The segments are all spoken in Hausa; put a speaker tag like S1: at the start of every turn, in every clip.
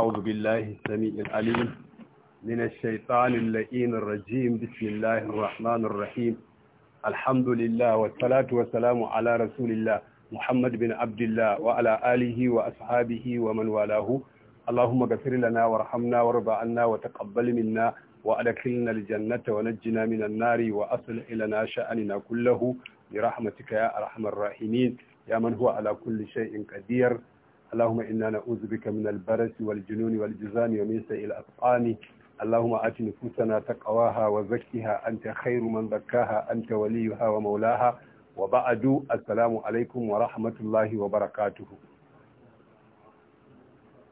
S1: أعوذ بالله السميع العليم من الشيطان اللئيم الرجيم بسم الله الرحمن الرحيم الحمد لله والصلاة والسلام على رسول الله محمد بن عبد الله وعلى آله وأصحابه ومن والاه اللهم اغفر لنا وارحمنا وارض عنا وتقبل منا وأدخلنا الجنة ونجنا من النار وأصلح لنا شأننا كله برحمتك يا أرحم الراحمين يا من هو على كل شيء قدير اللهم إنا نعوذ بك من البرس والجنون والجزان ومن سيء الأطعام اللهم آت نفوسنا تقواها وزكها أنت خير من زكاها أنت وليها ومولاها وبعد السلام عليكم ورحمة الله وبركاته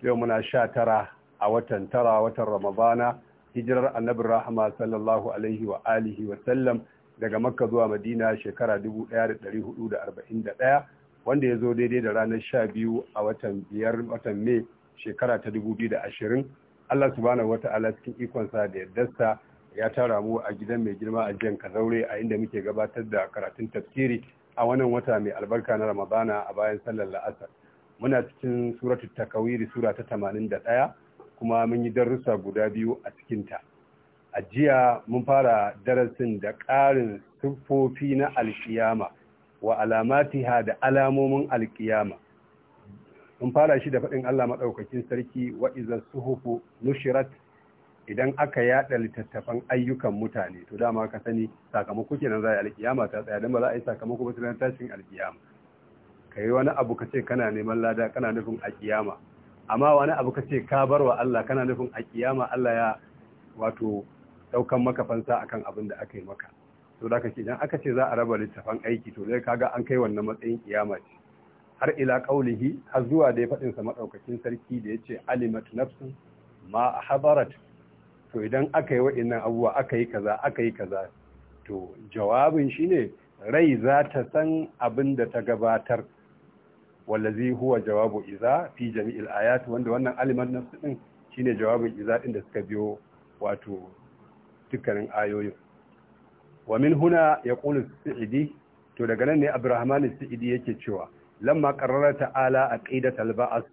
S1: يومنا شاترة أوتن ترى وتن رمضان hijirar annabin rahama sallallahu alaihi wa alihi wa sallam daga makka zuwa madina shekara 1441 wanda ya zo daidai da ranar sha biyu a watan biyar watan mai shekara ta dubu biyu da ashirin allah subhanahu wata'ala cikin ikonsa da yardarsa ya tara mu a gidan mai girma a jiyan kazaure a inda muke gabatar da karatun tafsiri a wannan wata mai albarka na ramadana a bayan sallar la'asar muna cikin suratu takawiri sura ta tamanin da ɗaya kuma mun yi darussa guda biyu a cikinta a jiya mun fara darasin da ƙarin siffofi na alkiyama wa alamatiha da alamomin alkiyama sun fara shi da faɗin Allah maɗaukakin sarki wa iza suhufu nushirat idan aka yaɗa littattafan ayyukan mutane to dama ka sani sakamako kenan za a yi alkiyama ta tsaya don ba za a yi sakamako ba tunan tashin alkiyama ka yi wani abu ka ce kana neman lada kana nufin alkiyama amma wani abu ka ce ka bar wa Allah kana nufin alkiyama Allah ya wato ɗaukan maka fansa akan abin da aka yi maka to da ka ce idan aka ce za a raba littafan aiki to dai kaga an kai wannan matsayin kiyama ce har ila qaulihi har zuwa da ya fadin sa madaukakin sarki da yace alimat nafsu ma ahbarat to idan aka yi wa'annan abubuwa aka yi kaza aka yi kaza to jawabin shine rai za ta san abin da ta gabatar wallazi huwa jawabu iza fi jami'il ayat wanda wannan aliman nafsu din shine jawabin iza din da suka biyo wato dukkanin ayoyin wa min huna ya ƙulu su'idi to daga nan ne abdurrahman su'idi yake cewa lamma qarrara ta'ala aqidat al-ba'as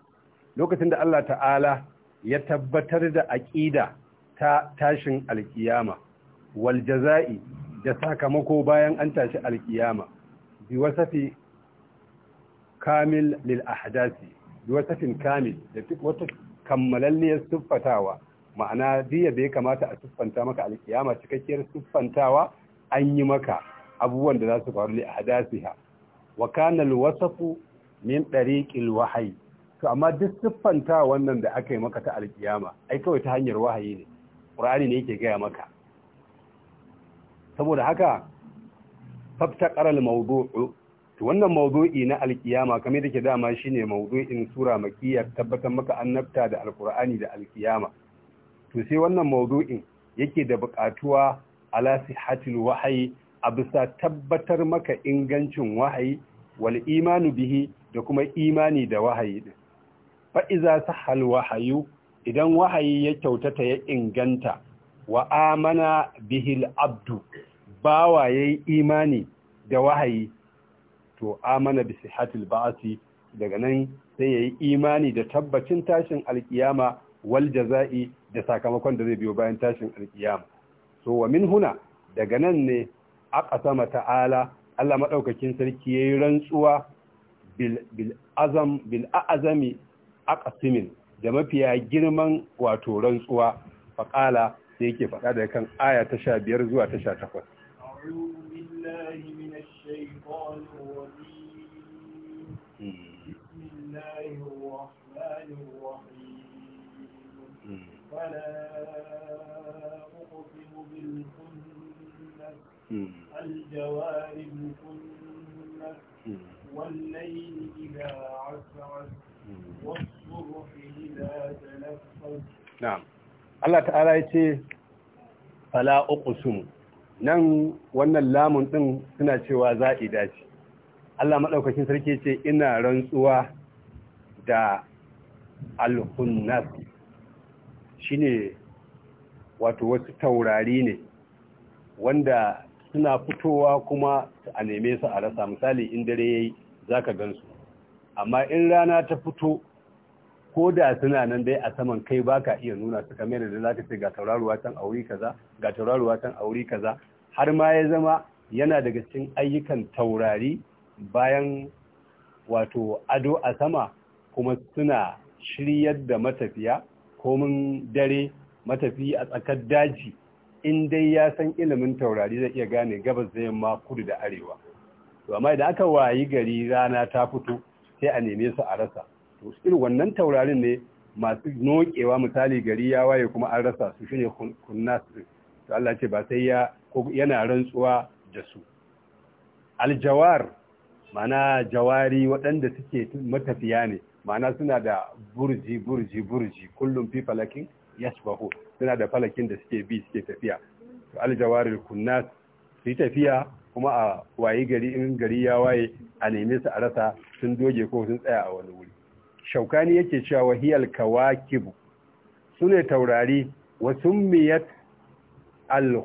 S1: lokacin da Allah ta'ala ya tabbatar da aqida ta tashin alkiyama wal jaza'i da sakamako bayan an tashi alkiyama bi wasafi kamil lil ahdasi bi wasafin kamil da wata kammalalliyar siffatawa ma'ana diya da ya kamata a siffanta maka alkiyama cikakkiyar siffantawa an yi maka abubuwan da za su faru a hadasiha wa kana alwasafu min dariqil wahyi to amma duk siffanta wannan da aka yi maka ta alkiyama ai kawai ta hanyar wahayi ne qur'ani ne yake gaya maka saboda haka qaral mawdu'u to wannan mawdu'i na alkiyama kamar da ke dama shine mawdu'in sura makiyya tabbatar maka annabta da alqur'ani da alkiyama to sai wannan mawdu'in yake da buƙatuwa ala sihatil wahayi a bisa tabbatar maka ingancin wahayi wal imanu bihi da kuma imani da wahayi din fa iza sahal wahayu idan wahayi ya kyautata ya inganta wa amana bihil abdu bawa yayi imani da wahayi to amana bi sihatil ba'asi daga nan sai yayi imani da tabbacin tashin alkiyama wal jaza'i da sakamakon da zai biyo bayan tashin alkiyama to wa min huna daga nan ne ƙasa mata'ala Allah maɗaukakin sarki ya yi rantsuwa bil a'azami azam da mafiya girman wato rantsuwa faƙala sai yake faɗa da kan aya ta sha biyar zuwa ta 18
S2: a'udhu billahi الجوار المكنس والليل إذا إذا
S1: نعم ya ce fala nan wannan lamun din suna cewa za'ida ce Allah madaukakin sarki ce ina rantsuwa da al-hunnas shine wato wasu taurari ne wanda suna fitowa kuma a neme su a rasa misali in dare yayi zaka gansu amma in rana ta fito ko da suna nan dai a saman kai baka iya nuna su kamar da zaka ce ga tauraruwa can auri kaza ga tauraruwa can auri kaza har ma ya zama yana daga cikin ayyukan taurari bayan wato ado a sama kuma suna shiryar da matafiya komin dare matafi a tsakar daji in dai ya san ilimin taurari zai iya gane gabas da yamma kudu da arewa to amma idan aka wayi gari rana ta fito sai a neme su a rasa to irin wannan taurarin ne masu nokewa misali gari ya waye kuma an rasa su shine kunnas to Allah ce ba sai ya yana rantsuwa da su aljawar mana jawari waɗanda suke matafiya ne Ma'ana suna da burji burji burji kullum fi falakin yasbahu suna da falakin da suke bi suke tafiya to aljawaril kunnas su tafiya kuma a wayi gari in gari ya waye a neme su a rasa sun doge ko sun tsaya a wani wuri shaukani yake cewa wahiyal kawakibu sune taurari wa summiyat al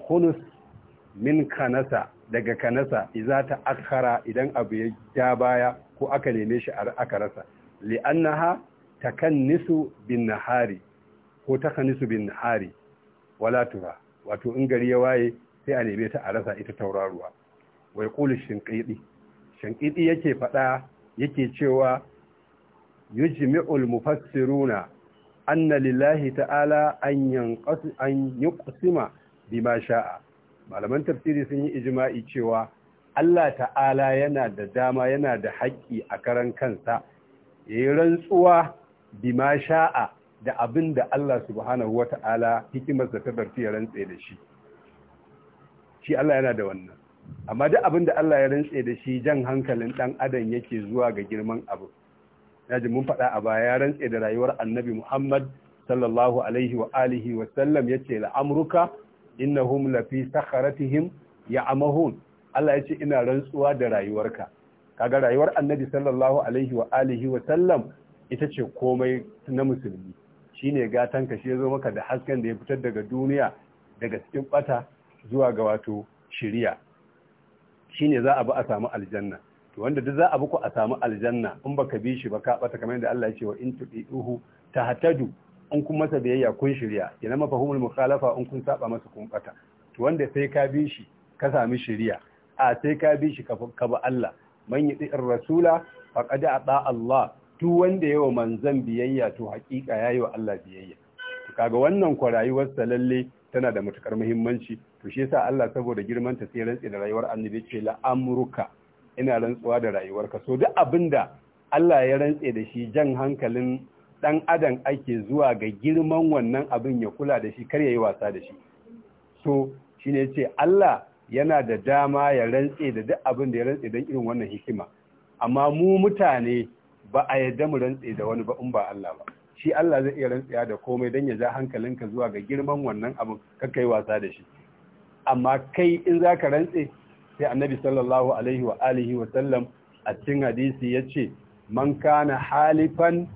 S1: min kanasa daga kanasa iza ta akara idan abu ya ja baya ko aka neme shi aka rasa li'annaha takannisu bin nahari ko ta hanisu bin hari wala tura wato in gari ya waye sai a neme ta a rasa ita tauraruwa wai kulu shinkidi shinkidi yake fada yake cewa yujmi'ul mufassiruna anna lillahi ta'ala an yanqas an yuqsima bima sha'a malaman tafsiri sun yi ijma'i cewa Allah ta'ala yana da dama yana da haƙƙi a karan kansa yayi rantsuwa bima sha'a da abin da Allah subhanahu wa ta'ala hikimar da ta barci ya rantse da shi shi Allah yana da wannan amma duk abin da Allah ya rantse da shi jan hankalin ɗan adam yake zuwa ga girman abu yaji mun faɗa a baya ya rantse da rayuwar annabi Muhammad sallallahu alaihi wa alihi wa sallam yace la'amruka innahum lafi sakharatihim ya'mahun Allah ce ina rantsuwa da rayuwarka kaga rayuwar annabi sallallahu alaihi wa alihi wa sallam ita ce komai na musulmi shine gatan ka shi zo maka da hasken da ya fitar daga duniya daga cikin bata zuwa ga wato shiriya shine za a bi a samu aljanna to wanda duk za a bi ku a samu aljanna in baka bi shi ba ka bata kamar yadda Allah ya ce wa in tudihu tahtadu in kun masa biyayya kun shirya yana mafahumul mukhalafa in kun saba masa kun bata to wanda sai ka bi shi ka sami shirya a sai ka bi shi ka bi Allah man yi rasula faqad ata Allah duk wanda yawa manzan biyayya to hakika yi wa Allah biyayya to kaga wannan kwa lalle tana da matukar muhimmanci to shi yasa Allah saboda girman ta sai rantsi da rayuwar annabi ce la amruka ina rantsuwa da rayuwarka so duk abinda Allah ya rantse da shi jan hankalin dan adam ake zuwa ga girman wannan abin ya kula da shi kar yi wasa da shi so shine yace Allah yana da dama ya rantse da duk abin da ya rantse don irin wannan hikima amma mu mutane ba a yadda mu rantse da wani ba in ba Allah ba shi Allah zai iya rantsiya da komai dan ya ja hankalinka zuwa ga girman wannan abin kakai wasa da shi amma kai in zaka rantse sai annabi sallallahu alaihi wa alihi wa sallam a cikin hadisi yace ce man kana halifan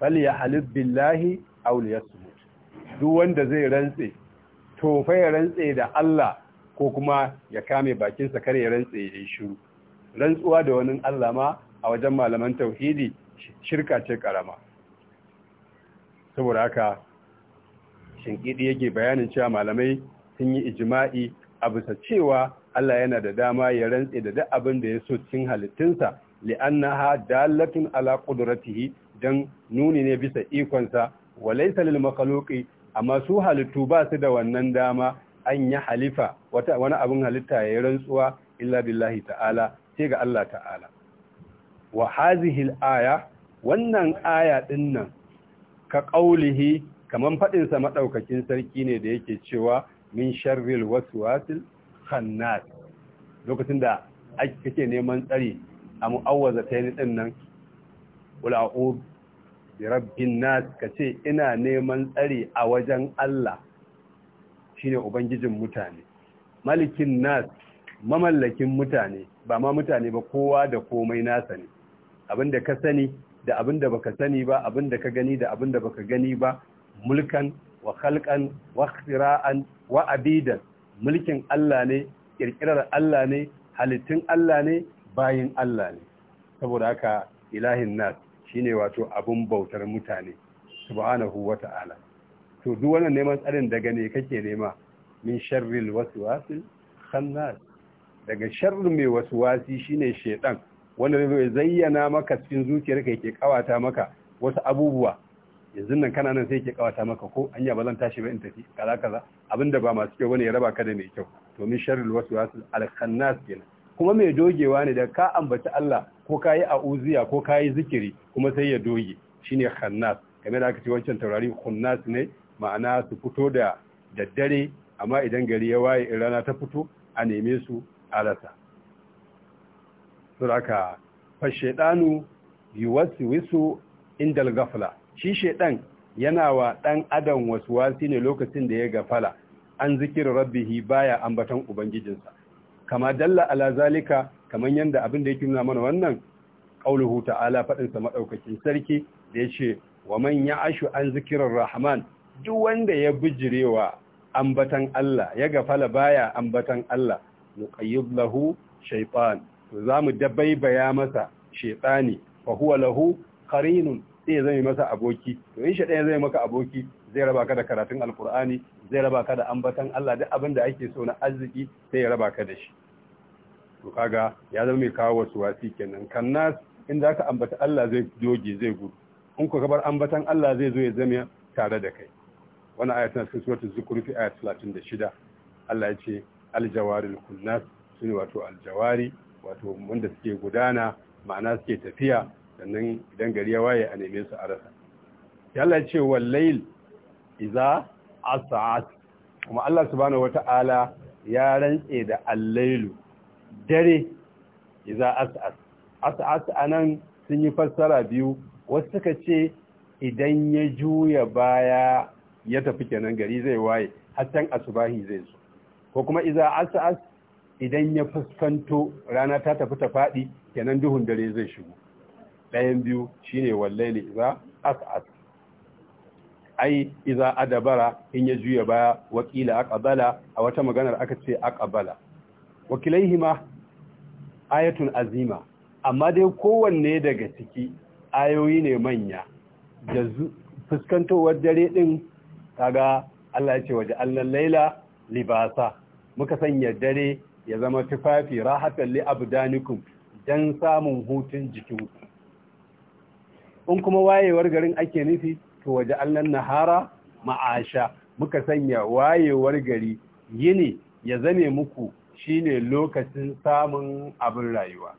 S1: falyahlib billahi aw liyasmut duk wanda zai rantse to fa ya rantse da Allah ko kuma ya kame bakinsa kare ya rantse ya shiru rantsuwa da wani Allah ma a wajen malaman tauhidi shirka ce karama saboda haka shinkidi yake bayanin cewa malamai sun yi ijima'i a bisa cewa Allah yana da dama ya rantse da duk abin da ya so cikin halittunsa li'annaha dalatun ala qudratihi dan nuni ne bisa ikonsa wa laysa lil makhluqi amma su halittu ba su da wannan dama an ya halifa wata wani abin halitta ya rantsuwa illa billahi ta'ala sai ga Allah ta'ala wa hazihi aya wannan aya din nan ka qaulihi kaman fadin sa madaukakin sarki ne da yake cewa min sharril waswasil khannas lokacin da ake neman tsari a ta din nan qul a'udhu bi rabbin nas kace ina neman tsari a wajen Allah shine ubangijin mutane malikin nas mamallakin mutane ba ma mutane ba kowa da komai nasa ne abinda ka sani da abinda baka sani ba abinda ka gani da abinda baka gani ba mulkan wa khalqan wa ikhtira'an wa abidan mulkin Allah ne kirkirar Allah ne halittun Allah ne bayin Allah ne saboda haka ilahin nas shine wato abun bautar mutane subhanahu wata'ala to duk wannan neman tsarin daga ne kake nema min sharril waswasil khannas daga sharrin mai waswasi shine shedan wanda zai zayyana maka cikin zuciyarka yake kawata maka wasu abubuwa yanzu nan kana nan sai yake kawata maka ko anya ba zan tashi ba in tafi kaza kaza abinda ba masu kyau bane ya raba ka da mai kyau domin sharrul wasu al-khannas kenan kuma mai dogewa ne da ka ambaci Allah ko kayi a'uziya ko kayi zikiri kuma sai ya doge shine khannas kamar da aka ce wancan taurari khannas ne ma'ana su fito da daddare amma idan gari ya waye in rana ta fito a neme su a rasa suraka fa wasu yuwaswisu indal ghafla shi shaidan yana wa dan adam wasi ne lokacin da ya gafala an zikir rabbihi baya ambatan ubangijinsa kama dalla ala zalika kaman yanda abin da yake nuna mana wannan qauluhu ta'ala fadin sa madaukakin sarki da yace wa man ya'ashu an zikirar rahman duk wanda ya bijirewa ambatan Allah ya gafala baya ambatan Allah nuqayyib lahu shaytan to za mu dabaibaya masa shetsani fa huwa lahu qarinun sai zai masa aboki to in shaitan zai maka aboki zai raba ka da karatun alkur'ani zai raba ka da ambatan Allah duk abin da ake so na arziki sai ya raba ka da shi to kaga ya zama mai kawo wasu wasi kenan kannas in ka ambata Allah zai doge zai gudu in ku bar ambatan Allah zai zo ya zama tare da kai wannan aya na cikin suratul zukhruf ayat 36 Allah ya ce aljawaril kunnas sune wato aljawari wato wanda suke gudana ma'ana suke tafiya sannan idan gari ya waye a neme su a rasa yalla ce wallail iza as'at kuma Allah subhanahu wata'ala ya rantse da allailu dare iza as'at a nan sun yi fassara biyu wasu suka ce idan ya juya baya ya tafi kenan gari zai waye hatan asubahi zai zo ko kuma iza as'at idan ya fuskanto rana ta tafi ta faɗi kenan duhun dare zai shigo ɗayan biyu shine ne za as'as ai iza adabara in ya juya baya wakila aqbala a wata maganar aka ce aqbala wakilaihima ayatun azima amma dai kowanne daga ciki ayoyi ne manya da fuskantowar dare din kaga Allah ya ce waje allan laila libasa muka sanya dare ya zama tufafi rahatan li abdanikum dan samun hutun jikin in kuma wayewar garin ake nufi to waje allan nahara ma'asha muka sanya wayewar gari yini ya zame muku shine lokacin samun abin rayuwa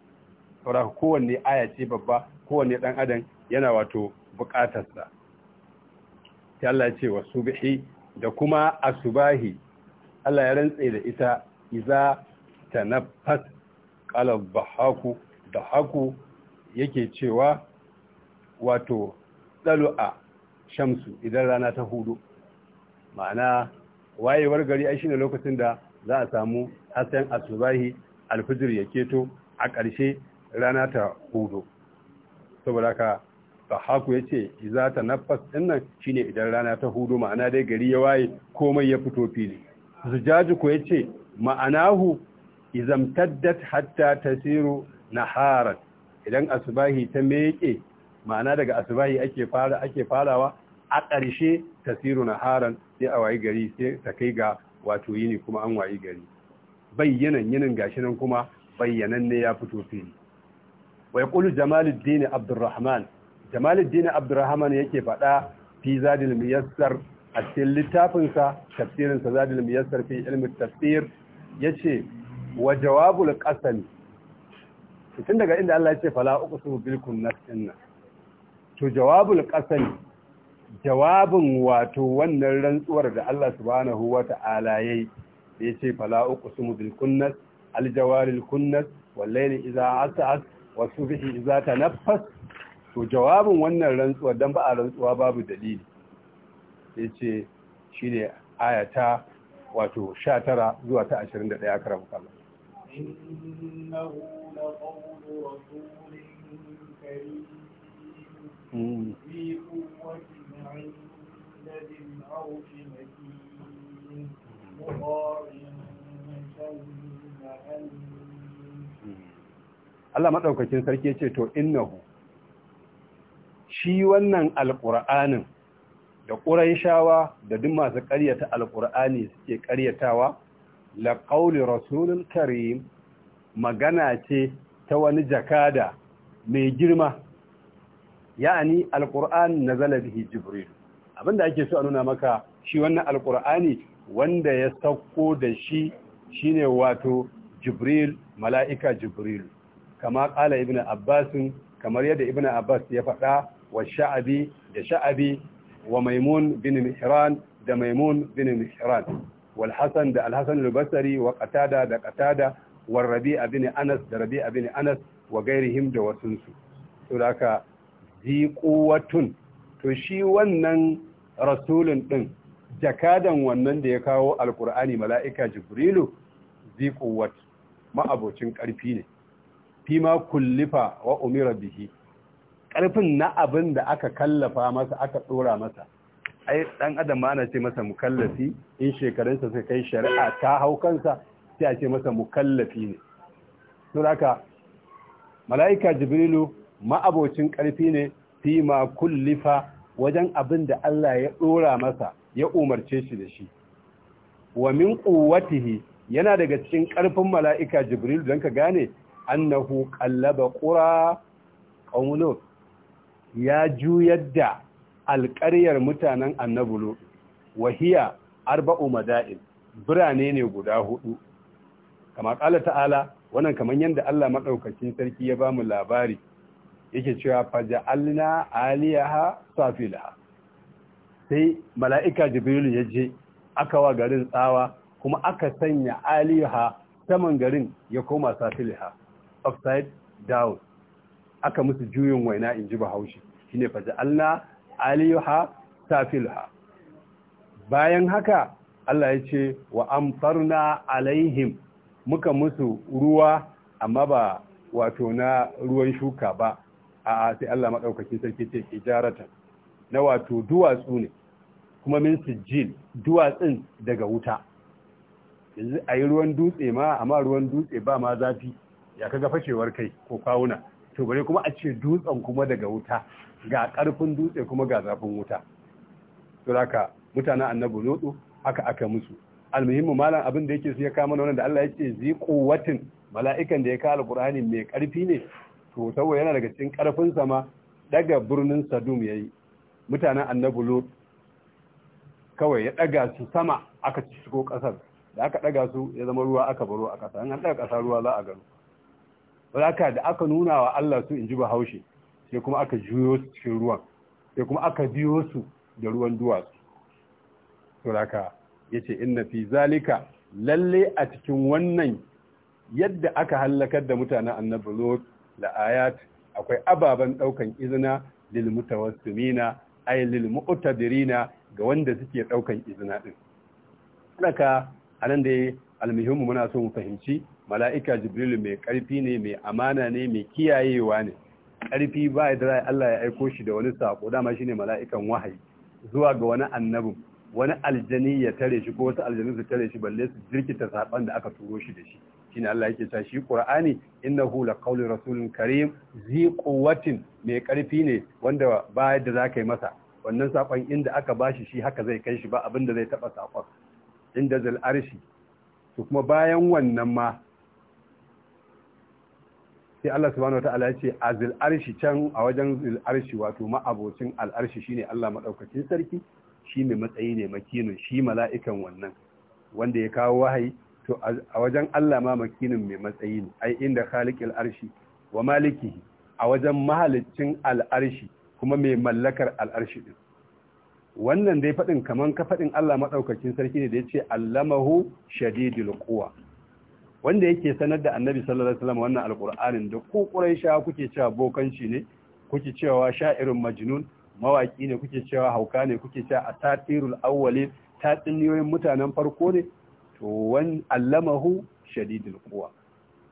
S1: saboda kowanne aya ce babba kowanne dan adam yana wato bukatarsa ta Allah ce da kuma asubahi Allah ya rantse da ita iza tanaffas qala da haku yake cewa wato dalu'a shamsu idan rana ta hudu ma'ana wayewar gari ai shine lokacin da za a samu hasken asubahi alfijir ya keto a ƙarshe rana ta hudu saboda ka sahaku ya ce za ta nafas dinnan shine idan rana ta hudu ma'ana dai gari ya waye komai ya fito fili zujaji ko ya ce ma'anahu izamtaddat hatta tasiru naharan idan asbahi ta meke ma'ana daga asbahi ake fara ake farawa a ƙarshe tasiru naharan sai a wayi gari sai ta kai ga wato yini kuma an wayi gari bayyanan yinin gashi nan kuma bayyananne ya fito fili wai qulu jamaluddin abdurrahman jamaluddin abdurrahman yake faɗa fi zadil miyassar a cikin littafinsa tafsirinsa zadil miyassar fi ilmi tafsir yace wa jawabul qasami tun daga inda Allah ya ce fala uqsu bil kunnas inna to jawabul qasami jawabin wato wannan rantsuwar da Allah subhanahu wata'ala yayi da yace fala uqsu bil kunnas al jawaril kunnas wal layli idha as'as wa subhi idha tanaffas to jawabin wannan rantsuwar dan ba a rantsuwa babu dalili yace shine ayata wato 19 zuwa ta 21 karam kallon
S2: إنه لقول رسول كريم قوة عند ذي العرش مكين مطاع
S1: Allah maɗaukakin sarki ce to innahu shi wannan alƙur'anin da ƙuraishawa da duk masu ƙaryata alƙur'ani suke ƙaryatawa la rasulun rasulul karim magana ce ta wani jakada mai girma ya'ani alquran na bihi jibril abinda ake so a nuna maka shi wannan alqur'ani wanda ya sauko da shi shine wato jibril mala'ika jibril kama ƙala ibnu abbas kamar yadda ibnu abbas ya faɗa wa sha'abi da sha'abi wa maimun bin mihran da maimun bin mihran wal hasan da al-hasan wa qatada da ƙatada wa rabi'a bin anas da rabi'a bin anas wa gairihim da wasunsu to haka zi quwwatun to shi wannan rasulun ɗin, jakadan wannan da ya kawo Alkur'ani mala'ika jibrilu zi quwwat ma'abocin karfi ne fima kullifa wa umira bihi karfin na abin da aka kallafa masa aka ɗora masa ai dan adam ma ana ce masa mukallafi in shekarunsa sai kai shari'a ta hau kansa sai a ce masa mukallafi ne to haka mala'ika jibrilu ma'abocin karfi ne fi ma kullifa wajen abin da Allah ya dora masa ya umarce shi da shi wa min quwwatihi yana daga cikin karfin mala'ika jibrilu dan ka gane annahu qallaba qura qawlu ya juyar da alƙaryar mutanen annabulu wahiya arba'u mada'in birane ne guda hudu kama ƙala ta'ala wannan kamar yadda Allah maɗaukacin sarki ya ba mu labari yake cewa faja'alna aliyaha safilaha sai mala'ika jibrilu ya je aka wa garin tsawa kuma aka sanya aliyaha saman garin ya koma safilaha upside down aka musu juyin waina in ji bahaushe shine faja'alna aliyuha safilha bayan haka Allah ya ce wa amfarna alaihim muka musu ruwa amma ba wato na ruwan shuka ba a sai Allah maɗaukakin sarki ce ijarata na wato duwatsu ne kuma min sijil duwatsun daga wuta yanzu a ruwan dutse ma amma ruwan dutse ba ma zafi ya kaga fashewar kai ko kawuna to bare kuma a ce dutsen kuma daga wuta ga ƙarfin dutse kuma ga zafin wuta to haka mutanen annabi lutsu haka aka musu almuhimmi malam abin da yake su ya kama nan da Allah ya ce zi quwwatin mala'ikan da ya kawo alqur'ani mai ƙarfi ne to saboda yana daga cikin ƙarfin sama daga birnin Sadum yayi mutanen annabi lutsu kawai ya daga su sama aka ci shigo kasar da aka daga su ya zama ruwa aka baro a kasa an daga kasa ruwa za a gano wadaka da aka nuna wa Allah su in ji bahaushe sai kuma aka juyo su cikin ruwan sai kuma aka biyo su da ruwan duwatsu suraka ya ce inna fi zalika lalle a cikin wannan yadda aka hallakar da mutanen annabi lot la ayat akwai ababan daukan izina lil mutawassimina ay lil mu'tadirina ga wanda suke daukan izina din haka anan da almuhimmu muna so mu fahimci mala'ika jibril mai karfi ne mai amana ne mai kiyayewa ne ƙarfi ba ya da Allah ya aiko shi da wani saƙo. dama shine mala'ikan wahayi zuwa ga wani annabin wani aljani ya tare shi ko wasu aljani su tare shi balle su jirkita saƙon da aka turo shi da shi shine Allah yake sa shi Qur'ani innahu laqawlu rasulun karim zi quwwatin mai ƙarfi ne wanda ba da zaka yi masa wannan saƙon inda aka bashi shi haka zai kai shi ba da zai taba saƙon. inda zal arshi to kuma bayan wannan ma sai Allah subhanahu wataala ya ce a zil'arshi can a wajen zil'arshi wato ma'abocin al'arshi shine Allah maɗaukacin sarki shi mai matsayi ne makinin shi mala'ikan wannan wanda ya kawo wahayi to a wajen Allah ma makinin mai matsayi ne ai inda khaliqil arshi wa malikihi a wajen mahalicin al'arshi kuma mai mallakar al'arshi din wannan dai faɗin kaman ka faɗin Allah maɗaukacin sarki ne da ya ce allamahu shadidul quwa wanda yake sanar da annabi sallallahu alaihi wasallam wannan alqur'anin da ku quraisha kuke cewa bokanci ne kuke cewa sha'irun majnun mawaki ne kuke cewa hauka ne kuke cewa asatirul awwalin tatsuniyoyin mutanen farko ne to wan allamahu shadidul quwa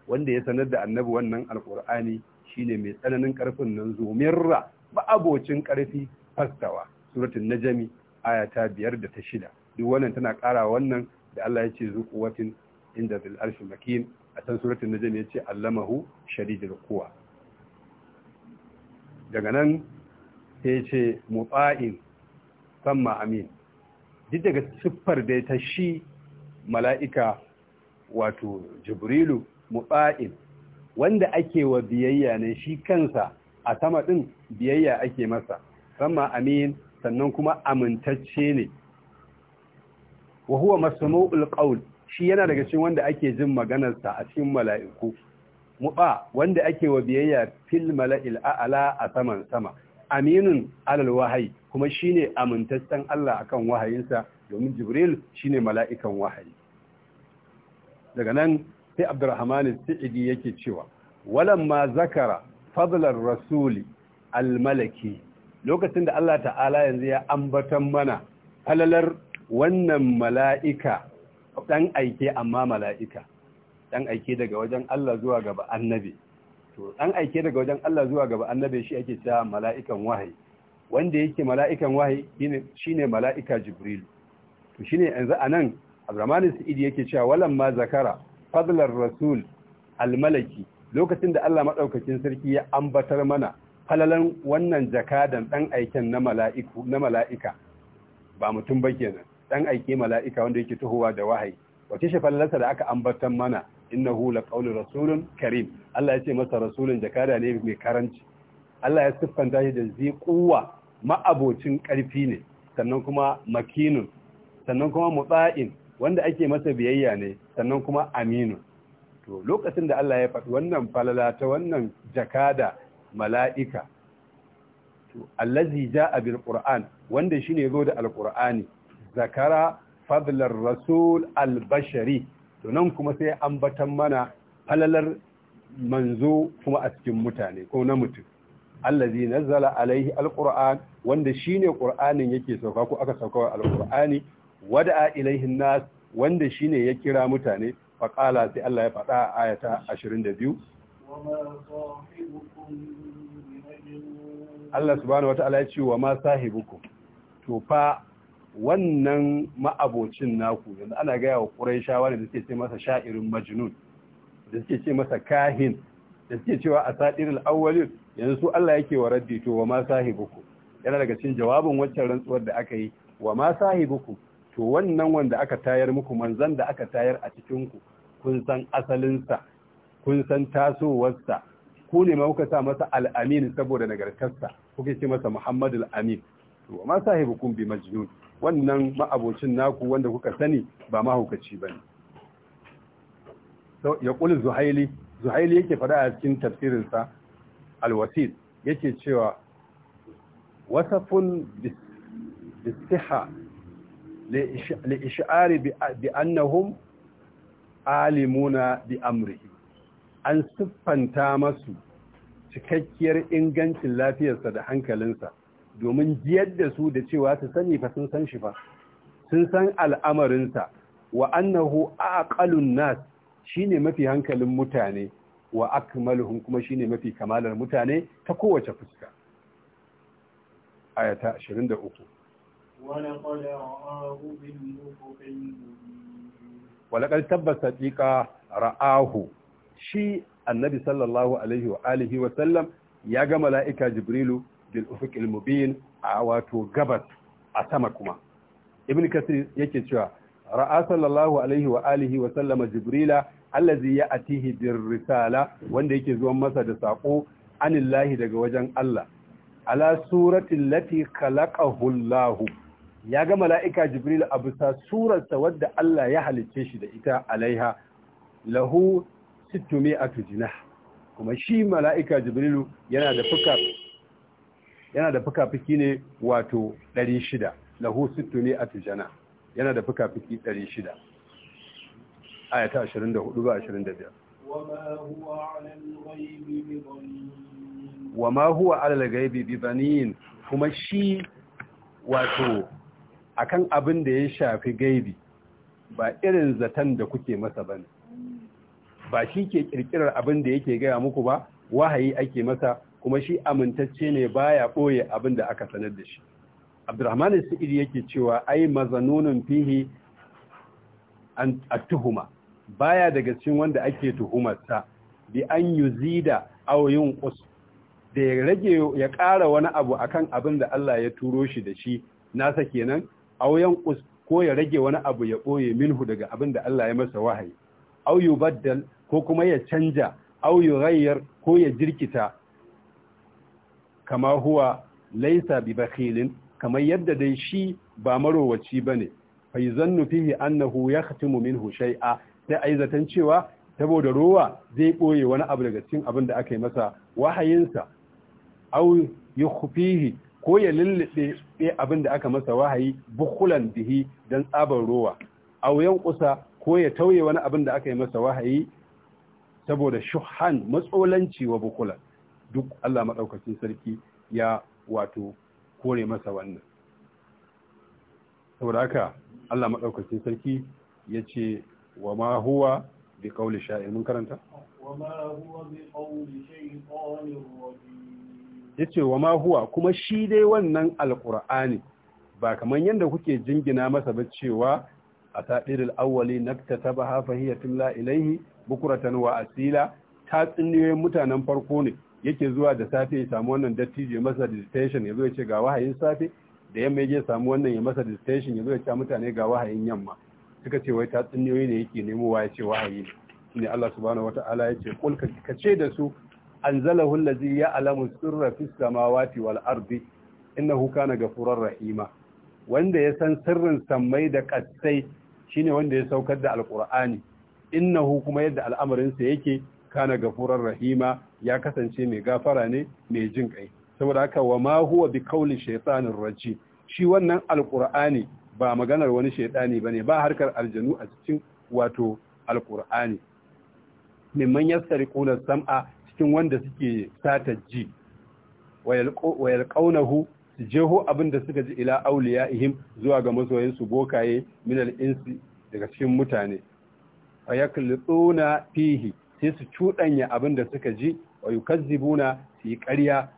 S1: wanda ya sanar da annabi wannan alqur'ani shine mai tsananin karfin nan zumirra ba abocin karfi fastawa suratul najmi aya ta biyar da ta shida duk wannan tana karawa wannan da Allah ya ce zuquwatin inda zil arshi makin a can suratun najm ce allamahu shari'ar kowa daga nan sai ce mutsa'in san amin duk daga siffar da ta shi mala'ika wato jibrilu mutsa'in wanda ake wa biyayya ne shi kansa a sama ɗin biyayya ake masa samma amin sannan kuma amintacce ne wa huwa masmu'ul qawl shi yana daga cikin wanda ake jin maganarsa a cikin mala'iku muba wanda ake wa biyayya fil mala'il a'la a saman sama aminun alal wahayi kuma shine amintaccen Allah akan wahayinsa domin jibril shine mala'ikan wahayi daga nan sai abdurrahman sa'idi yake cewa walamma zakara fadlar rasuli almalaki lokacin da Allah ta'ala yanzu ya ambatan mana halalar wannan mala'ika dan aike amma mala'ika dan aike daga wajen Allah zuwa gaba annabi to dan aike daga wajen Allah zuwa gaba annabi shi ake cewa mala'ikan wahayi wanda yake mala'ikan wahayi shine mala'ika jibril to shine yanzu anan Abdurrahman Sa'idi yake cewa ma zakara fadlar rasul almalaki lokacin da Allah madaukakin sarki ya ambatar mana falalan wannan jakadan dan aiken na mala'iku na mala'ika ba mutum ba kenan dan aike mala'ika wanda yake tuhowa da wahayi wace shi fallasa da aka ambatan mana innahu qawlu rasulun karim Allah ya ce masa rasulun jakada ne mai karanci Allah ya siffanta shi da zi kuwa ma'abocin karfi ne sannan kuma makinun sannan kuma mutsa'in wanda ake masa biyayya ne sannan kuma aminu to lokacin da Allah ya faɗi wannan falala ta wannan jakada mala'ika to allazi ja'a bil qur'an wanda shine zo da alqur'ani zakara fadlar rasul albashari to nan kuma sai an ambatan mana falalar manzo kuma a cikin mutane ko na mutum allazi nazzala alaihi alquran wanda shine qur'anin yake sauka ko aka sauka alqur'ani wada ilaihi nas wanda shine ya kira mutane faƙala sai Allah ya faɗa a ayata 22 Allah subhanahu ta'ala ya ce wa ma sahibukum to fa wannan ma'abocin naku yanzu ana gaya wa ƙuraishawa ne da suke ce masa sha'irin majnun da suke ce masa kahin da suke cewa a satiril awwalin yanzu su Allah yake wa raddi to wa ma sahibuku yana daga cin jawabin waccan rantsuwar da aka yi wa ma sahibuku to wannan wanda aka tayar muku manzan da aka tayar a cikin ku kun san asalinsa kun san tasowarsa ku ne ma kuka sa masa al'amin saboda nagartarsa kuke ce masa muhammadul amin to wa ma sahibukum bi majnun wannan ma'abocin naku wanda kuka sani ba mahaukaci ne. ya kuli zuhaili zuhaili yake fada a cikin tafsirinsa alwasid yake cewa wasafin bisiha li'ishari bi annahum alimuna bi an siffanta masu cikakkiyar ingancin lafiyarsa da hankalinsa domin jiyar da su da cewa su sani fa sun san shi fa sun san al'amarinsa wa annahu aqalun nas shine mafi hankalin mutane wa akmaluhum kuma shine mafi kamalar mutane ta kowace fuska ayata 23
S2: ولقد رآه بالأفق
S1: ولقد shi annabi sallallahu alaihi wa alihi wa sallam ya ga mala'ika jibrilu bil ufuqil mubin a wato gabas a sama kuma ibn kasir yake cewa ra'a sallallahu alaihi wa alihi wa sallama jibrila allazi ya'tihi bir risala wanda yake zuwan masa da sako anillahi daga wajen Allah ala suratin lati khalaqahu Allah ya ga mala'ika jibril a bisa surarsa wadda Allah ya halicce shi da ita alaiha lahu situmi a tujina kuma shi mala'ika jibrilu yana da fuka yana da fuka-fuki ne wato 600 lahu a Tijana. yana da fuka-fuki 600 ayata 24 ba 25 wa ma huwa ala al bi banin kuma shi wato akan abin da ya shafi gaibi ba irin zaton da kuke masa bane ba shi ke kirkirar abin da yake gaya muku ba wahayi ake masa kuma shi amintacce ne baya boye abin da aka sanar da shi abdurrahman sa'idi yake cewa ai mazanunin fihi a tuhuma baya daga cikin wanda ake sa bi an yuzida aw qus da ya rage ya ƙara wani abu akan abin da Allah ya turo shi da shi nasa kenan aw qus ko ya rage wani abu ya ɓoye minhu daga abin da Allah ya masa wahayi aw yubaddal ko kuma ya canja aw yughayyir ko ya jirkita kama huwa laisa bi bakhilin kamar yadda dai shi ba marowaci bane fa yuzannu fihi annahu yakhtimu minhu shay'a sai aizatan cewa saboda rowa zai boye wani abu daga cikin abin da aka yi masa wahayinsa aw yukhfihi ko ya lullube abin da aka masa wahayi bukulan bihi dan tsaban rowa aw yanqusa ko ya tauye wani abin da aka yi masa wahayi saboda shuhan matsolanci wa bukulan duk Allah maɗaukacin sarki ya wato kore masa wannan saboda haka Allah maɗaukacin sarki ya ce wa ma huwa bi qawli sha'ir mun karanta
S2: wa ma huwa bi
S1: yace wa ma huwa kuma shi dai wannan alqur'ani ba kaman yanda kuke jingina masa ba cewa asadirul awwali naktatabaha fa hiya tumla ilayhi bukuratan wa asila tatsuniyoyin mutanen farko ne yake zuwa da safe ya samu wannan dattijo ya masa dissertation ya zo ya ce ga wahayin safe da yamma ya je samu wannan ya masa dissertation ya zo ya ce mutane ga wahayin yamma suka ce wai tatsuniyoyi ne yake wa ya ce wahayi ne shine Allah subhanahu wataala ya ce kul ka ce da su anzalahu allazi ya'lamu sirra fis samawati wal ardi innahu kana ghafurur rahima wanda ya san sirrin sammai da katsai shine wanda ya saukar da alqur'ani innahu kuma yadda al'amarin sa yake kana ghafurur rahima ya kasance mai gafara ne mai jin kai saboda haka wa ma huwa bi kauli shaytanir raji shi wannan alqur'ani ba maganar wani shaytani bane ba harkar aljanu a cikin wato alqur'ani mimman yastariquna sam'a cikin wanda suke sata ji wa yalqawnahu jeho abinda suka ji ila awliyaihim zuwa ga masoyansu bokaye minal insi daga cikin mutane fa fihi sai su cuɗanya abinda suka ji wa yukazzibuna su yi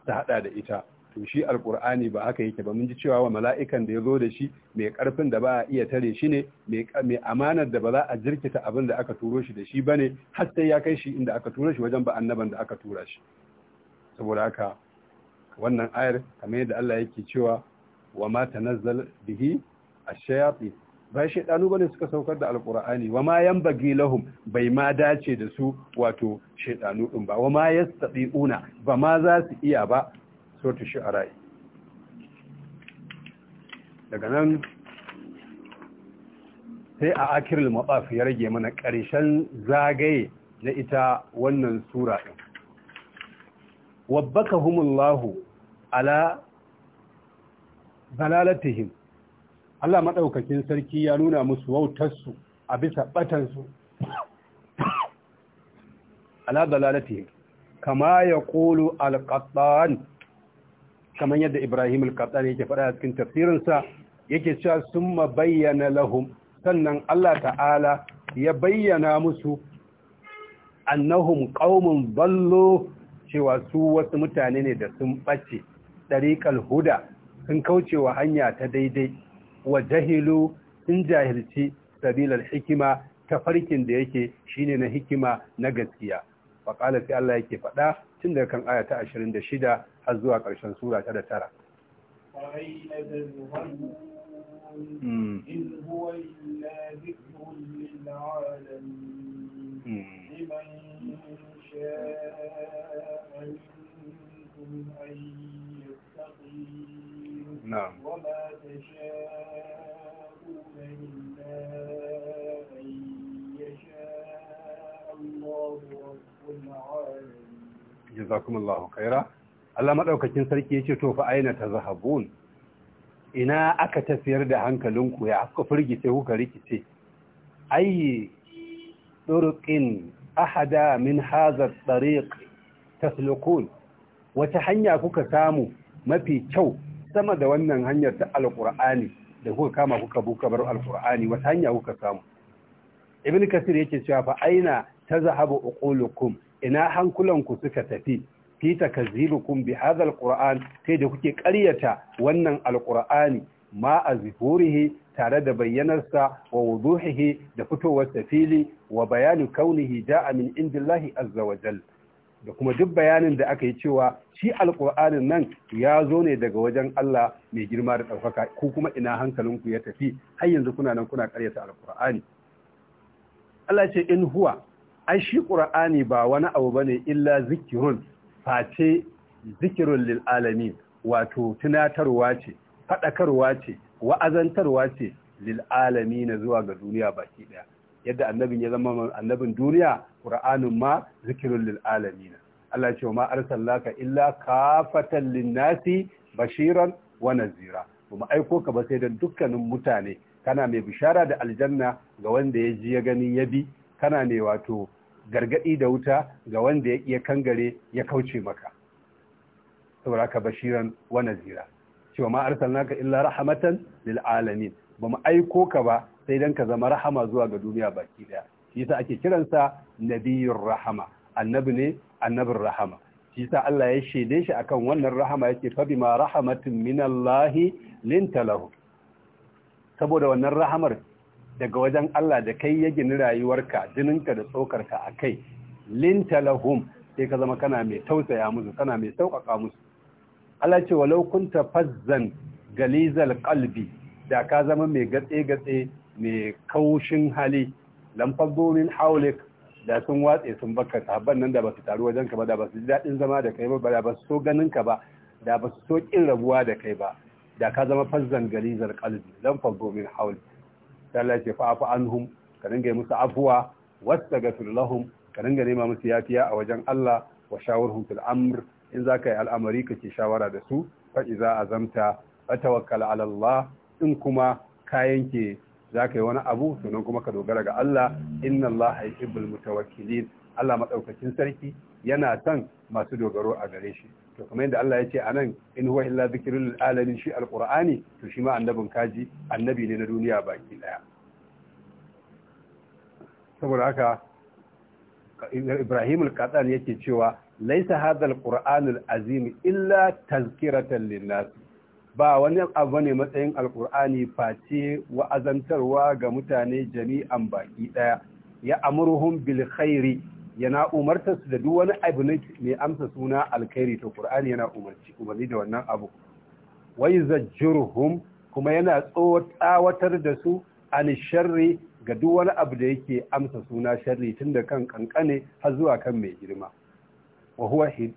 S1: ta hada da ita to shi alqur'ani ba haka yake ba mun ji cewa wa mala'ikan da ya zo da shi mai karfin da ba a iya tare shi ne mai amanar da ba za a jirkita abin da aka turo shi da shi bane har sai ya kai shi inda aka turo shi wajen ba annaban da aka tura shi saboda haka wannan ayar kamar yadda Allah yake cewa wa ma tanazzal bihi ash-shayatin ba shaidanu bane suka saukar da alqur'ani wa ma yanbaghi lahum bai ma dace da su wato shaidanu din ba wa ma yastati'una ba ma za su iya ba suratu shu'ara daga nan sai a akirul matsaf ya rage mana ƙarshen zagaye na ita wannan sura din wabbaka humullahu ala zalalatihim Allah maɗaukakin sarki ya nuna musu wautarsu a bisa ɓatansu ala dalalati kama ya ƙolu alƙaɗan kamar yadda ibrahim alƙaɗan yake faɗa a cikin tafsirinsa yake cewa sun bayyana lahum sannan Allah ta'ala ya bayyana musu annahum ƙaumin ballo cewa su wasu mutane ne da sun ɓace ɗariƙar huda sun kaucewa hanya ta daidai wa jahilu sun jahilci sabilar hikima ta farkin da yake shine na hikima na gaskiya faƙala sai Allah yake faɗa tun daga kan aya ta 26 har zuwa ƙarshen sura ta da tara
S2: نعم وما تشاء
S1: jazakumullahu khaira Allah madaukakin sarki yace to fa aina zahabun. ina aka tafiyar da hankalinku ya aka firgice kuka rikice ayi turuqin ahada min hadha at-tariq taslukun wata hanya kuka samu mafi kyau sama da wannan hanyar ta alqur'ani da kuka kama kuka buka bar alqur'ani wata hanya kuka samu ibn kasir yake cewa fa aina tazhabu uqulukum ina hankulanku suka tafi fi takazzilukum bi hadha alquran sai da kuke ƙaryata wannan alqur'ani ma azhurihi tare da bayyanarsa wa wuduhihi da fitowar fili wa bayanu kaunihi ja'a min indillahi azza wa jal da kuma duk bayanin da aka yi cewa shi alqur'anin nan ya zo ne daga wajen Allah mai girma da ɗaukaka ku kuma ina hankalinku ya tafi har yanzu kuna nan kuna ƙaryata alqur'ani Allah ce in huwa ai shi qur'ani ba wani abu bane illa zikirun face zikirun lil alamin wato tunatarwa ce fadakarwa ce wa'azantarwa ce lil alamin zuwa ga duniya baki daya yadda annabin ya zama annabin duniya qur'anin ma zikirun lil alamin Allah ce ma arsalnaka illa kafatan lin-nasi bashiran wa nazira kuma aiko ka ba sai da dukkanin mutane kana mai bishara da aljanna ga wanda ya ji ya gani ya bi kana ne wato Gargaɗi da wuta ga wanda ya iya kangare ya kauce maka saboda ka bashiran wa nazira cewa ma arsalnaka illa rahmatan lil alamin mu aiko ka ba sai dan ka zama rahama zuwa ga duniya baki daya shi yasa ake kiransa nabiyur rahama annabi ne annabin rahama shi yasa Allah ya shede shi akan wannan rahama yake fa bima rahmatin minallahi lintalahu saboda wannan rahamar daga wajen Allah da kai ya gini rayuwarka jininka da tsokarka a kai linta lahum sai ka zama kana mai tausaya musu kana mai sauƙaƙa musu Allah ce walau kunta fazzan galizal kalbi da ka zama mai gatse gatse mai kaushin hali lam min haulik da sun watse sun baka sahabban nan da ba su taru wajen ka ba da ba su ji daɗin zama da kai ba da ba su so ganin ka ba da ba su so kin rabuwa da kai ba da ka zama fazzan galizar qalbi lam min haulik sai Allah ce fa'afu anhum ka dinga musu afuwa ga lahum ka dinga nema musu yafiya a wajen Allah wa shawurhum fil amr in zaka yi al'amari kake shawara da su fa iza azamta fatawakkal ala Allah in kuma ka yanke zaka yi wani abu sannan kuma ka dogara ga Allah inna Allah yuhibbul mutawakkilin Allah madaukakin sarki yana son masu dogaro a gare shi to kuma yadda Allah ya ce anan in huwa illa dhikrul alamin shi alqur'ani to shi ma annabin kaji annabi ne na duniya baki daya saboda haka Ibrahim al yake cewa laisa hadha al-Qur'an azim illa tazkiratan lin-nas ba wani abu ne matsayin alkur'ani face wa'azantarwa ga mutane jami'an baki daya ya amuruhum bil khairi yana umartar su da duk wani abu ne amsa suna alkhairi to qur'ani yana umarci umarni da wannan abu wa yuzajjiruhum kuma yana tsawatar da su an sharri ga duk wani abu da yake amsa suna sharri tunda kan kankane har zuwa kan mai girma wa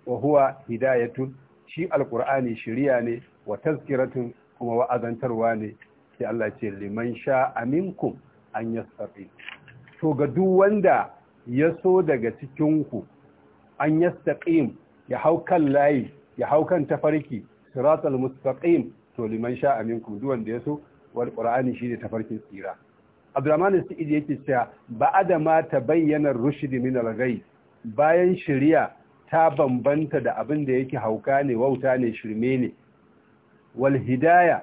S1: huwa hidayatun shi alqur'ani shiriya ne wa tazkiratun kuma wa'azantarwa ne sai Allah ce liman sha aminkum an yastafi to ga duk wanda ya so daga cikinku an yastaqim ya hau layi ya hau kan tafarki siratal mustaqim to liman sha aminkum duwan wanda ya wal qur'ani shine tafarkin tsira Abdurrahman Sa'id yake cewa ba'ada ma tabayyana rushd min al bayan shari'a ta bambanta da abin da yake hauka ne wauta ne shirme ne wal hidaya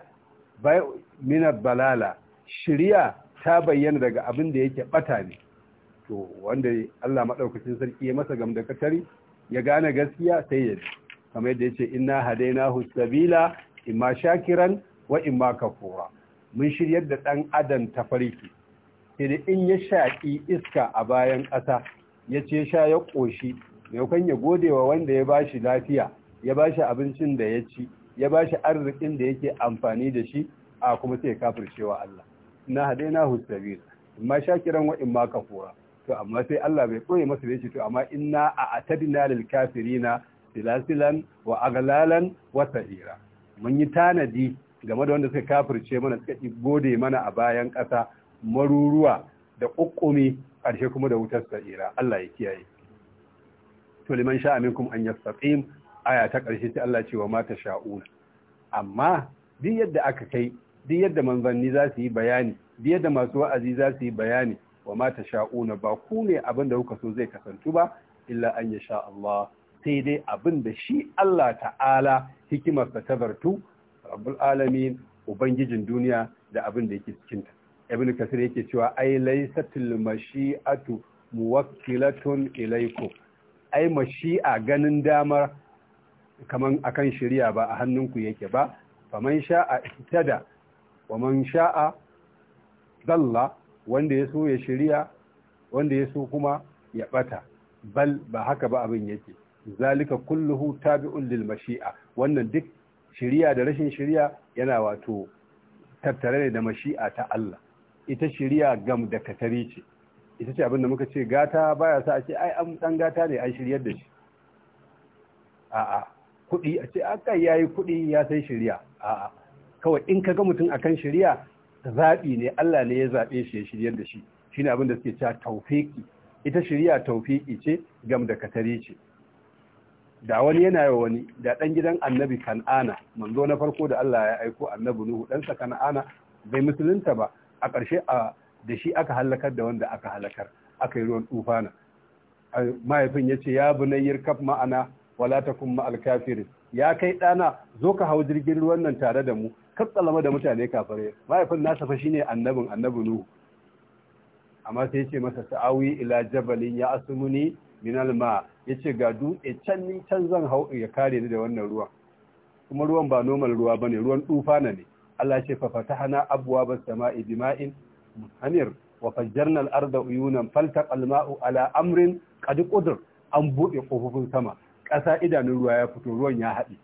S1: min al-balala shari'a ta bayyana daga abin da yake bata ne to wanda Allah madaukakin sarki ya masa katari ya gane gaskiya sai ya bi kamar yadda yace inna hadainahu sabila imma shakiran wa imma kafura mun shiryar da dan adam tafarki sai da in ya shaƙi iska a bayan ƙasa ya ce sha ya ƙoshi maimakon ya gode wa wanda ya bashi lafiya ya bashi abincin da ya ci ya bashi arzikin da yake amfani da shi a kuma sai ya kafircewa Allah na hadainahu sabila imma shakiran wa imma kafura to amma sai Allah bai koye masa da to amma inna a ta lil kafirina silasilan wa aglalan wa sa'ira mun yi tanadi game da wanda suka kafirce mana suka gode mana a bayan ƙasa maruruwa da ƙuƙumi ƙarshe kuma da wutar sa'ira Allah ya kiyaye to liman sha aminkum an yastaqim aya ta ƙarshe sai Allah ce cewa mata sha'una amma duk yadda aka kai duk yadda manzanni za su yi bayani duk yadda masu wa'azi za su yi bayani wa ma sha'una, ba ku ne abin da kuka so zai kasantu ba illa an yasha Allah sai dai abin da shi Allah ta'ala hikimarsa ta bartu rabbul alamin ubangijin duniya da abin da yake cikin ta ibn kasir yake cewa ai laysatul mashi'atu muwakkilatun ilayku ai mashi'a ganin damar kaman akan shari'a ba a hannunku yake ba faman sha'a ihtada wa man sha'a dalla wanda ya so ya shirya wanda ya so kuma ya bata bal ba haka ba abin yake zalika kulluhu tabi'un lil mashi'a wannan duk shiriya da rashin shirya yana wato tattare ne da mashi'a ta Allah ita shiriya gam da katari ce ita ce abin da muka ce gata baya sa a ce ai an dan gata ne an shiryar da shi a'a kuɗi a ce aka yayi kuɗi ya sai shiriya a'a kawai in ka ga mutum akan shiriya zaɓi ne Allah ne ya zaɓe shi ya shiryar da shi Shi shine abin da suke cewa taufiki ita shirya taufiki ce gam da katare ce da wani yana yi wani da ɗan gidan annabi kan'ana manzo na farko da Allah ya aiko annabi nuhu ɗansa kan'ana bai musulunta ba a ƙarshe a da shi aka halakar da wanda aka halakar aka yi ruwan tufana mahaifin ya ce ya bunayyar kaf ma'ana wala ta kuma kafirin ya kai ɗana zo ka hau jirgin ruwan nan tare da mu katsalama da mutane kafare mahaifin nasa fa ne annabin annabi nuhu amma sai ce masa sa'awi ila jabalin ya asumuni min alma yace ga dutse can ni can zan hau ya kare ni da wannan ruwan kuma ruwan ba normal ruwa bane ruwan tufana ne Allah ce fa fatahna abwaaba samai bima'in munhamir wa fajjarna al-arda uyunan faltaqa al-ma'u ala amrin qad qudr an buɗe kofofin sama ƙasa idanun ruwa ya fito ruwan ya haɗi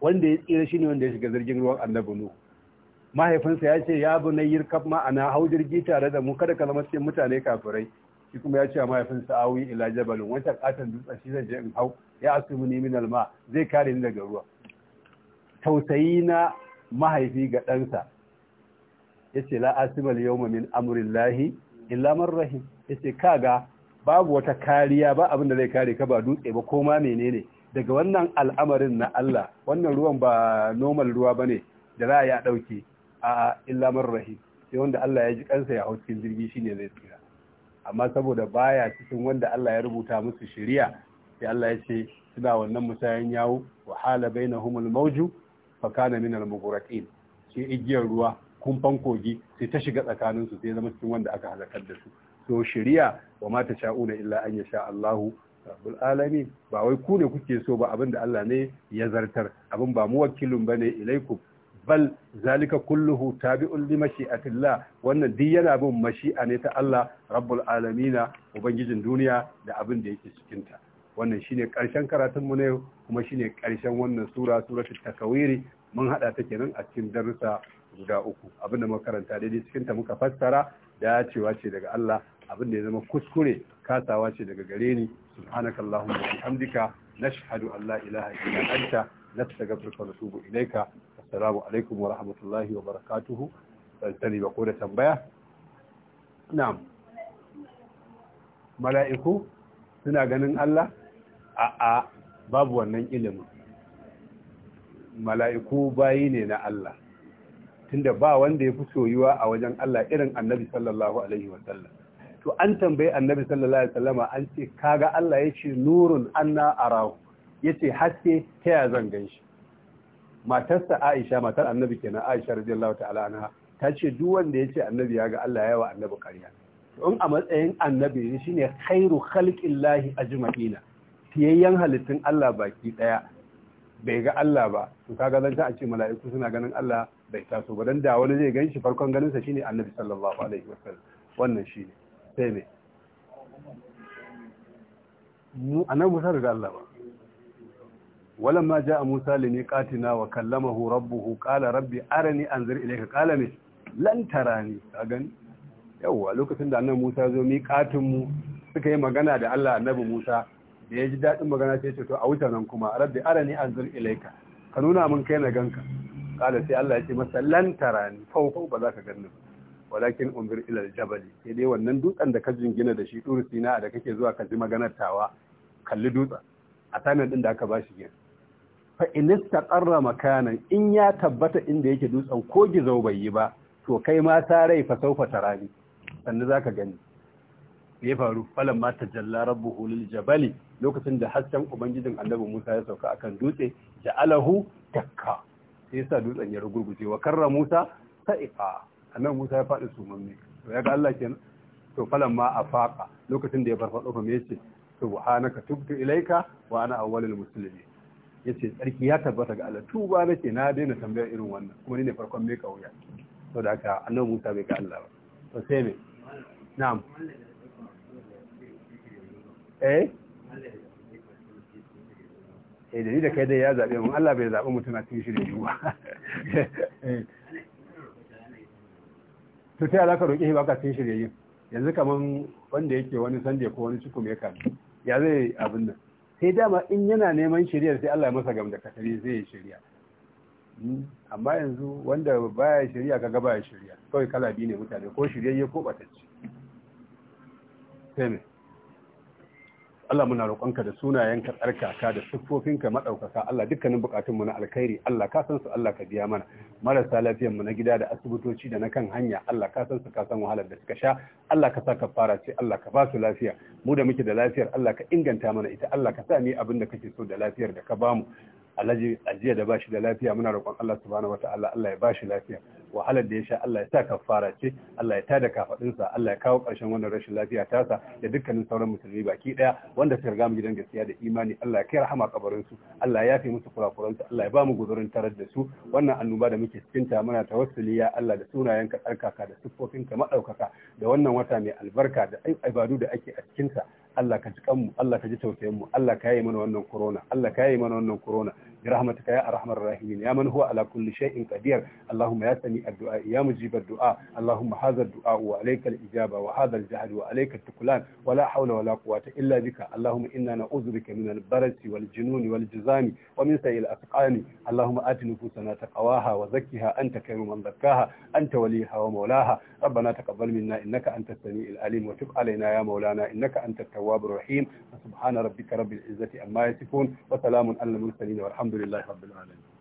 S1: wanda ya tsira ne wanda ya shiga jirgin ruwan annabi nu mahaifinsa ya ce ya bu na ma ma'ana hau jirgi tare da mu kada ka zama cikin mutane kafirai shi kuma ya ce mahaifinsa awi ila jabalin wata katon dutsen shi zan je in hau ya mu ni min alma zai kare ni daga ruwa tausayi na mahaifi ga ɗansa ya ce la asimal yawma min amrillahi illa man rahim ya ce kaga babu wata kariya ba abin da zai kare ka ba dutse ba ko ma menene daga wannan al'amarin na Allah wannan ruwan ba normal ruwa ba ne da za a ya ɗauke a illamar rahim sai wanda Allah ya ji kansa ya hau cikin jirgi shine zai tsira amma saboda baya cikin wanda Allah ya rubuta musu shiriya sai Allah ya ce suna wannan musayan yawo wa hala bainahumul mawju fa kana minal mughraqin shi igiyar ruwa kumfan kogi sai ta shiga tsakanin tsakaninsu sai zama cikin wanda aka halakar da su To shiriya wa mata sha'una illa an yasha Allahu rabbul alami ba wai ku ne kuke so ba abin da Allah ne ya zartar abin ba mu wakilin bane ilaiku bal zalika kulluhu tabi'un li mashi'atillah wannan duk yana bin mashi'a ne ta Allah rabbul alamina ubangijin duniya da abin da yake cikin ta wannan shine karshen karatun mu ne kuma shine karshen wannan sura suratul takawiri mun hada ta kenan a cikin darussa guda uku abinda muka karanta daidai cikin ta muka fassara da cewa ce daga Allah abin da ya zama kuskure kasawa ce daga gare ni subhanaka allahumma wa bihamdika nashhadu an la ilaha illa anta nastaghfiruka wa natubu ilayka assalamu alaikum wa rahmatullahi wa barakatuhu tantani ba ko da tambaya na'am mala'iku suna ganin Allah a'a babu wannan ilimin mala'iku bayi ne na Allah tunda ba wanda ya fi soyuwa a wajen Allah irin annabi sallallahu alaihi wasallam to an tambayi annabi sallallahu alaihi wasallama an ce kaga Allah yace nurun anna arahu yace haske ta ya zan ganshi matarsa Aisha matar annabi kenan Aisha radiyallahu ta'ala anha ta ce duk wanda yace annabi ya ga Allah yawa annabi to in a matsayin annabi ne shine khairu khalqillahi ajma'ina tiyayyan halittun Allah baki daya bai ga Allah ba to kaga zan a ce mala'iku suna ganin Allah bai taso ba dan da wani zai ganshi farkon ganin sa shine annabi sallallahu alaihi wasallam wannan shine sai ne mu annabi Musa daga Allah ba walamma jaa Musa li miqatina wa kallamahu rabbuhu qala rabbi arani anzir ilayka qala ne lan tarani kagan yawa lokacin da annabi Musa zo miqatin mu suka yi magana da Allah annabi Musa da ya ji daɗin magana sai ce to a wutar nan kuma rabbi arani anzir ilayka ka nuna min kai na ganka qala sai Allah ya ce masa lan tarani fau fau ba za ka ganni ba walakin umbir ilal jabali sai dai wannan dutsen da ka jingina da shi turu sina da kake zuwa ka ji maganar tawa kalli dutsen a sanar din da aka ba shi gina fa inista istaqarra makanan in ya tabbata inda yake dutsen ko gizo bai yi ba to kai ma ta rai fa saufa tarani sannu zaka gani ya faru falan ma tajalla rabbuhu lil jabali lokacin da hasken ubangijin annabi Musa ya sauka akan dutse ja'alahu takka sai sa dutsen ya rugurguje wa karra Musa sa'ifa annabi Musa ya faɗi sumamme to ya ga Allah kenan to falan ma a faƙa lokacin da ya farfaɗo fa me yace subhanaka tubtu ilaika wa ana awwalul muslimin yace tsarki ya tabbata ga Allah tuba nake na daina tambaya irin wannan kuma ni ne farkon mai kauya to da haka annabi Musa bai ga Allah ba to sai me na'am eh eh da ni da kai dai ya zaɓe mun Allah bai zaɓi mutum a cikin shirin da yiwuwa eh. to ta za ka roƙe ba ka cin yin yanzu kaman wanda yake wani sande ko wani cikin ya kami ya zai abin nan sai dama in yana neman shirya sai Allah ya masa gam da katari zai yi shirya hmm? amma yanzu wanda baya shirya kaga baya shirya kawai kala biyu ne mutane ko shiryayye ko batacce sai Allah muna roƙonka da sunayenka tsarkaka da siffofinka maɗaukaka Allah dukkanin buƙatunmu na alkhairi Allah ka san su Allah ka biya mana marasa lafiyar mu na gida da asibitoci da na kan hanya Allah ka san su ka san wahalar da suka sha Allah ka sa ka fara ce Allah ka ba su lafiya mu da muke da lafiyar Allah ka inganta mana ita Allah ka sa ni abin da kake so da lafiyar da ka bamu alhaji ajiya da bashi da lafiya muna roƙon Allah subhanahu wataala Allah ya bashi lafiya wahalar da ya sha Allah ya sa kafara ce Allah ya tada kafadinsa Allah ya kawo ƙarshen wannan rashin lafiya tasa da dukkanin sauran musulmi baki daya wanda suka riga mu gidan gaskiya da imani Allah ya kai rahama kabarin su Allah ya yafe musu kurakuran su Allah ya ba mu guzurin tarar da su wannan annoba da muke cikin ta muna tawassuli ya Allah da sunayen ka tsarkaka da siffofin ka madaukaka da wannan wata mai albarka da ibadu da ake a cikin sa Allah ka ji kanmu Allah ka ji tausayin mu Allah ka yi mana wannan corona Allah ka yi mana wannan corona برحمتك يا أرحم الراحمين يا من هو على كل شيء قدير اللهم يا سميع الدعاء يا مجيب الدعاء اللهم هذا الدعاء وعليك الإجابة وهذا الجهد وعليك التكلان ولا حول ولا قوة إلا بك اللهم إنا نعوذ بك من البرس والجنون والجزام ومن سيء الأسقام اللهم آت نفوسنا تقواها وزكها أنت خير من زكاها أنت وليها ومولاها ربنا تقبل منا إنك أنت السميع العليم وتب علينا يا مولانا إنك أنت التواب الرحيم سبحان ربك رب العزة عما يصفون وسلام على المرسلين والحمد alhamdulillahi rabbil alamin